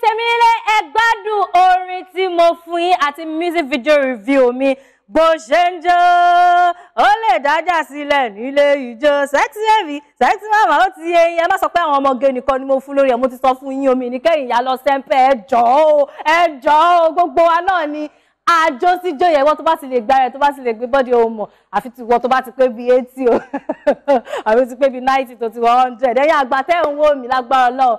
tèmi nílé ẹ gbádùn orin tí mo fún yín àti music video review mi bó ṣe ń jó ó lè dájà sílẹ̀ nílé ìjó sexy heavy sexy mama ó ti yé yín ẹ má sọ pé àwọn ọmọge nìkan ni mo fún lórí ẹ mo ti sọ fún yín omi nìkẹyìn ìyá lọ sẹ́ńpẹ́ ẹ jọ̀ọ́ ẹ jọ̀ọ́ gbogbo wa náà ni àjọ síjọ yẹn wọ́n tó bá ti lè gbá rẹ̀ tó bá ti lè gbé bọ́dì ohun mọ̀ àfi tí wọ́n tó bá ti pé bíi eighty o àfi tí pé bíi ninety tó ti wọ́n hundred ẹ̀yìn àgbà tẹ́ ń wò mí lágbára ọlọ́run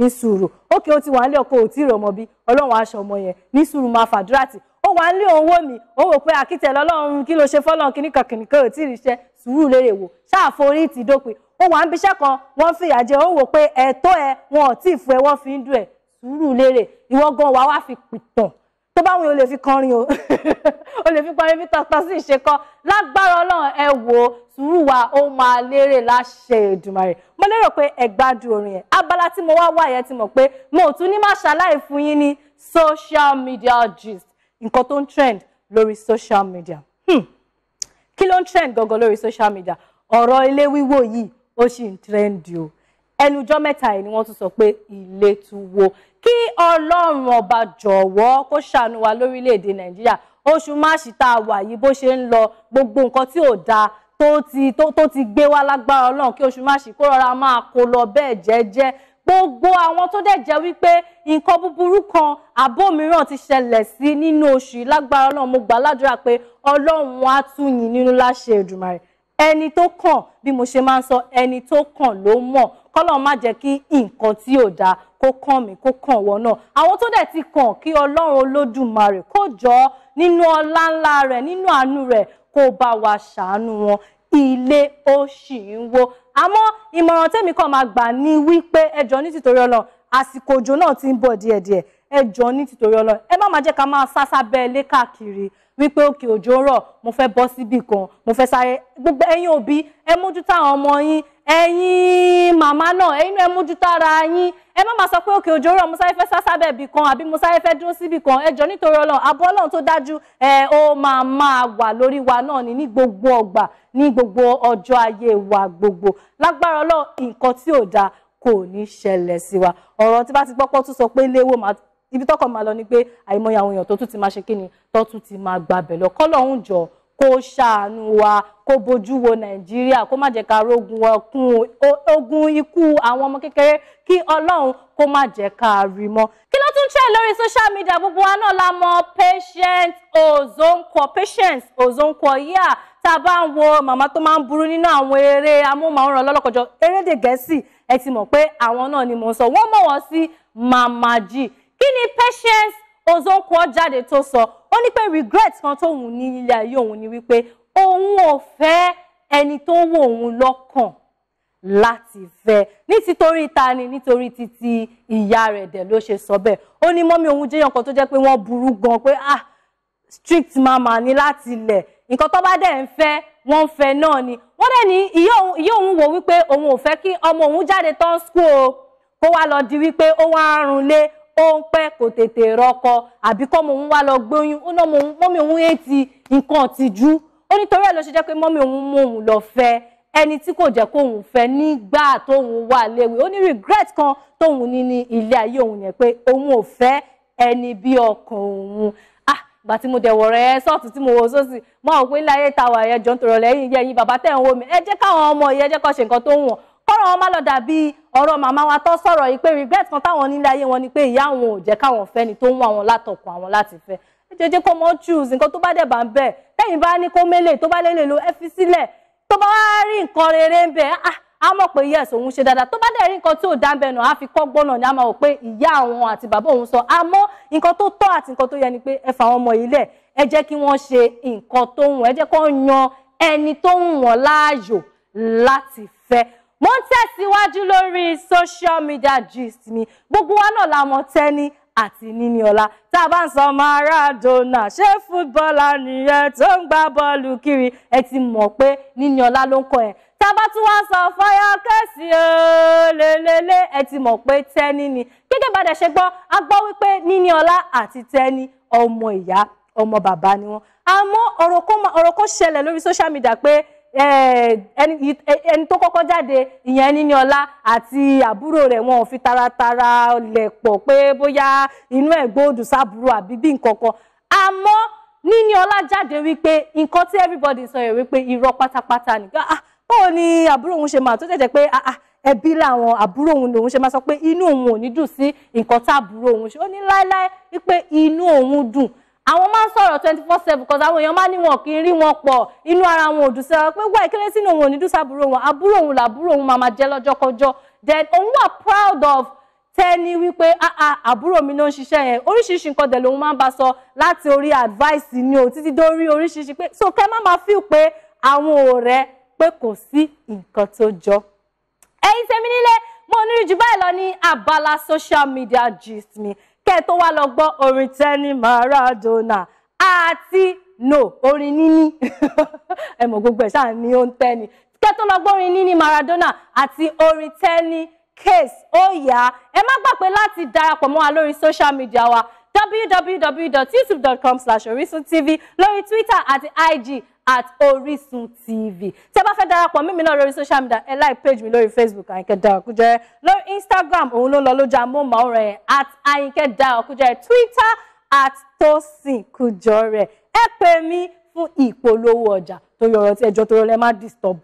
ní sùúrù ókè ó ti wà nílé ọkọ ò tí ì rọmọ bí ọlọ́run aṣọ ọmọ yẹn ní sùúrù máa fàdúrà tì ó wà nílé owó mi ó wò pé àkìtẹ̀ lọ́lọ́run kí ló ṣe fọ́lọ́run kíní kan kíní kan ò tí ì ríṣẹ́ sùúrù lérè wò ṣáàforí ti dópin ó wà ń bíṣẹ́ kan wọ́n fìyà jẹ ó wò pé ẹ̀tọ́ ẹ wọn ò tí ì fún ẹ wọ́n fi ń dùn ẹ̀ sùúrù lérè ìwọ gan wàá wá fi pìtàn táwọn yóò lè fi kọrin o o lè fi kọrin bí tọ́tọ́ sí ìṣekọ́ lágbára ọlọ́run ẹ wo sùúrù wa ó máa lérè láṣẹ Èdùmàrè mo lérò pé ẹ gbádùn orin yẹn abala tí mo wá wà yẹn ti mọ̀ pé mo tún ní máa ṣàlàyé fún yín ní social media gist nǹkan tó ń trend lórí social media hmm. kí ló ń trend gangan lórí social media ọ̀rọ̀ ilé wíwó yìí ó sì ń trend o ẹnujọ́ mẹ́ta yìí ni wọ́n tún sọ pé ilé tún wó kí ọlọ́run ọba jọ̀wọ́ kó ṣàánú wa lórílẹ̀‐èdè nàìjíríà oṣù máàṣì tá a wà yìí bó ṣe ń lọ gbogbo nǹkan tí ò dáa tó ti tó ti gbé wá lágbára ọlọ́run kí oṣù máàṣì kó rọra máa kó lọ bẹ́ẹ̀ jẹ́jẹ́ gbogbo àwọn tó dẹ̀ jẹ́ wípé nǹkan búburú kan àbó mìíràn ti ṣẹlẹ̀ sí nínú oṣù yìí lágbára ọlọ́run mo gbà ládùúrà pé ọlọ́run á tún yìn nínú láṣẹ Èdùmàrè ẹni tó kàn bí mo ṣe máa ń sọ ẹni tó kàn ló mọ̀ kọ́lọ̀ má jẹ́ kí nǹkan tí ò dáa kó kàn mí kó kàn wọ́n náà àwọn tó dẹ̀ ti kàn kí ọlọ́run olódùmarè kó jọ nínú ọlá ńlá rẹ̀ nínú àánú rẹ̀ kó bá wa ṣàánú wọn ilé ó ṣì ń wó àmọ́ ìmọ̀ràn tẹ́mi kan máa gbà ní wípé ẹjọ́ ní tìtorí ọlọ́run àsìkò òjò náà ti ń bọ̀ díẹ̀díẹ̀ ẹjọ́ ní tìtorí ọlọ́run ẹ má máa jẹ́ ká máa sásá bẹ́ ilé káàkiri wípé òkè òjò rọ̀ mo fẹ́ bọ́ síbì kan mo fẹ́ sáré gbogbo ẹ̀yin òbí ẹ mójútó àwọn ọmọ yín ẹ̀yin màmá náà ẹ̀yin náà ẹ mójútó ara yín ẹ má máa sọ pé òkè òjò rọ̀ mo sáré fẹ́ sásábẹ̀ bì kan àbí mo sáré fẹ́ dúró síbì kan ẹ jọ̀ọ́ nítorí Ọlọ́run àbọ̀ Ọlọ́run tó dájú ẹ ó máa máa wà lórí wa náà ní ní gbogbo ọgbà ní gbogbo ọjọ́ ayé wa gbogbo lágbára Ọlọ́run nǹkan tí ò dáa kò ní ṣẹlẹ̀ sí wa ọ̀rọ̀ tí bá ti gbọ́pọ́ tún sọ pé léwó máa ibi tọ́kọ̀ máa lọ ni pé àìmọye àwọn èèyàn tó tún ti máa ṣe kí ni tó tún ti máa gbabẹ̀ lọ kọ́lọ́hún jọ̀ọ́ kó ṣàánú wa kó bójú wo nàìjíríà kó má jẹ́ ká rogun ọkùn ogun ikú àwọn ọmọ kékeré kí ọlọ́run kó má jẹ́ ká rí mọ́. kí ló tún ṣe lórí social media gbogbo wa náà la mọ̀ patient ozonkwo patient ozonkwo yíyà tá a bá ń wo màmá tó máa ń burú nínú àwọn eré amóhùnmáwòrán lọ́lọ́kọjọ erédè gẹ̀ẹ́sì ẹ ti mọ̀ pé àwọn náà ni mo ń sọ wọ́n mọ̀ wọ́n sí mama kí ni patient Ozokwo jáde tó sọ ó ní pé regret kan tóun ní nílé ayé òun ni wípé òun ò fẹ́ ẹni tó wò òun lọ́kàn láti fẹ́ ní títorí tani nítorí títí ìyá rẹ̀ dẹ̀ ló ṣe sọ bẹ́ẹ̀ ó ní mọ́mí òun jẹ́yàn kan tó jẹ́ pé wọ́n burú gan pé ah strict mama ni láti ilẹ̀ nǹkan tó bá dẹ̀ ń fẹ́ wọ́n ń fẹ́ náà ni wọ́n dẹ̀ ní ìyá òun wò wípé òun ò fẹ́ kí ọmọ òun jáde tán school o kó wá di wípé ó wá run lé ó ń pẹ́ kò tètè rọkọ àbí kọ́ mo ń wá lọ gbóyún ó ná mọ́mí òun yé ti nǹkan ọ̀tìjú ó nítorí ẹ̀ ló ṣe jẹ́ pé mọ́mí òun mú òun lọ fẹ́ ẹni tí kò jẹ́ kóun fẹ́ nígbà tóun wà léwe ó ní regret kan tóun ní ní ilé ayé òun yẹn pé òun ò fẹ́ ẹni bí ọkàn òun ah, gbà tí mo dẹ̀wọ̀ rẹ̀ sọ́ọ̀tù tí mo wo sósì mọ́ òpin láyé tàwa ẹ̀jọ̀ ń tọrọ lẹ́yìn yẹ́yìn bàbá tẹ̀ ń wò mí ẹ jẹ́ káwọn ọmọ yìí ẹ jẹ́ ṣe nǹkan tó ń wọ̀n kọ́rọ̀ wọn má lọ dàbí ọ̀rọ̀ màmá wa tó sọ̀rọ̀ yìí pé regret kan táwọn nílé ayé wọn ni pé ìyá àwọn ò jẹ́ káwọn fẹ́ ni tó ń wá wọn látọkùn àwọn láti fẹ́ jẹjẹ kó mọ choose nǹkan tó bá dẹ̀ bá ń bẹ̀ tẹ́yìn bá ní kó mélè tó bá lélè lo ẹ fi sílẹ̀ tó bá wá rí nǹkan rere ń bẹ̀ á ah, mọ̀ pé yes òun ṣe dáadáa tó bá dẹ̀ rí nǹkan tí ò dá ń bẹ̀ náà á fi kọ́gbọ́n náà ni á máa wò pé ìyá àwọn àti bàbá òun sọ àmọ́ nǹkan tó tọ́ àti nǹkan tó yẹ ni pé ẹ fà wọn mọ ilẹ̀ ẹ jẹ́ kí wọ́n ṣe nǹkan tó wù ẹ jẹ́ kó yan ẹni tó wù wọ́n láàyò láti fẹ́ mo ń tẹ̀síwájú lórí social media gist mi gbogbo wa náà la mọ̀ tẹ́ni àti níní ọlá tá a bá ń sọ Maradona ṣé fútbọ́lá nìyẹn tó ń gbá bọ́ọ̀lù kiri ẹ ti mọ̀ pé níní ọlá ló ń kọ ẹ̀ tá a bá tún wá sọ Fọlákẹ́sì lélẹ́lẹ́ ẹ ti mọ̀ pé tẹ́ni ni gẹ́gẹ́ bá dẹ̀ ṣe gbọ́ a gbọ́ wípé níní ọlá àti tẹ́ni ọmọ ìyá ọmọ bàbá ni wọ́n àmọ́ ọ̀rọ̀ kan ṣẹlẹ̀ lórí social media pé Eh, eh, ẹni tó kọ́kọ́ jáde ìyẹn Níníọlá àti àbúrò rẹ̀ wọn ò fi taratara lẹ̀ pọ̀ pé bóyá inú ẹ̀gbọ́n òdùsáàbúrò àbí bí nǹkan kan àmọ́ Níníọlá jáde wípé nǹkan tí everybody sọ yẹn wípé irọ́ pátápátá nìkan ah, ah, báwo ni àbúrò òun ṣe máa tó tẹ̀tẹ̀ pé ah, ẹbí làwọn àbúrò òun lòun ṣe máa sọ pé inú òun ò ní dùn sí nǹkan tá àbúrò òun ṣe ó ní láéláé wípé inú òun dùn àwọn máa ń sọ̀rọ̀ twenty four seven cause àwọn èèyàn máa ní wọn kì í rí wọn pọ̀ inú ara wọn ò dùn sí ọ pé wá ìkéré sínú òun ò ní dùn sábúrò wọn àbúrò òun làbúrò òun máa jẹ́ lọ́jọ́ then òun wà proud of tẹ́ni wípé àbúrò mi ló ń ṣiṣẹ́ yẹn oríṣiríṣi nǹkan dẹ̀ lòun máa ń bá sọ láti orí advice ni o títí dórí oríṣiríṣi pé so kẹ́ má máa feel pé àwọn ọ̀rẹ́ pé kò sí nǹkan tó jọ. ẹ̀yin tèmi nílé mo ní jù báyìí lọ ní abala social media gist mi kẹ́ ẹ tó wá lọ gbọ́ orin tẹ́ni Maradona àti no orin níní ẹ mọ̀ gbogbo ẹ̀ ṣáà ní ó ń tẹ́ni kẹ́ tó lọ gbọ́ orin níní Maradona àti orin tẹ́ni case ó yá ẹ má gbàgbé láti darapọ̀ mọ́ wa lórí social media wa www.youtube.com/orisuntv lórí Twitter àti IG at Orisun TV tẹ́ bá fẹ́ mi mi na lórí social media ẹ like page mi lórí Facebook Àyìnkẹ́ Dayọ̀ Kújẹ́rẹ́ lórí Instagram òun ló ń lọ lójú amóhùnmáwòrán yẹn at Àyìnkẹ́ Dayọ̀ Kújẹ́rẹ́ Twitter at Tosin Kujore ẹ mi mí fún ìpolówó ọjà torí ọ̀rọ̀ tí ẹjọ́ tó rọlẹ́ má disturb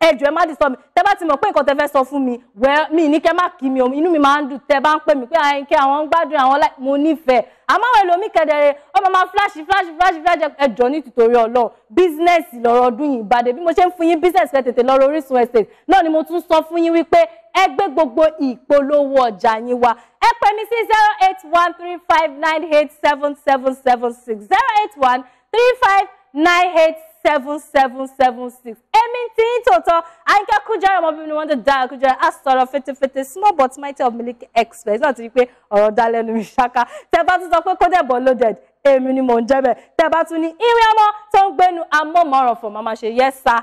ẹ jọ̀ọ́ ẹ má disturb mi tẹ bá ti mọ̀ pé nǹkan tẹ fẹ́ sọ fún mi wẹ́ mi ní kẹ́ má kí mi inú mi máa ń dùn tẹ bá ń pè mí pé àyìn kí àwọn ń gbádùn àwọn mo nífẹ̀ẹ́ àmọ́ àwọn èlò mi kẹ̀dẹ̀rẹ̀ ọmọ máa fíláṣì fíláṣì fíláṣì fíláṣì ẹ jọ̀ọ́ ní tìtorí ọlọ́run bísínẹ́sì lọ́rọ̀ ọdún yìí ìbàdàn bí mo ṣe ń fún yín bísínẹ́sì fẹ́ tètè lọ́rọ̀ Orísun estate náà ni mo tún sọ fún yín wípé ẹ gbé gbogbo ìpolówó ọjà yín wá ẹ pè mí sí zero eight one three five nine eight seven seven seven six zero eight one three five nine eight seven seven seven six èmi tí ń tòótọ́ àyíkẹ́ Kújọrẹ ọmọbìnrin ni wọ́n ti dá Kújọrẹ á sọ̀rọ̀ fetefete small but mighty of Miliki Express náà ti rí pé ọ̀rọ̀ dá lẹ́nu mi ṣáká tẹ́ bá tún sọ pé kó dẹ̀ bọ́ loaded èmi ni mò ń jẹ́bẹ̀ tẹ́ bá tún ní ìwé ọmọ tó ń gbénu amóhùnmáwòrán fún màmá ṣe yes sir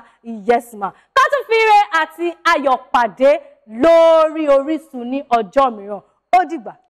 yes ma ká tún fi ire àti ayọ̀ pàdé lórí Orísun ní ọjọ́ mìíràn ó dìgbà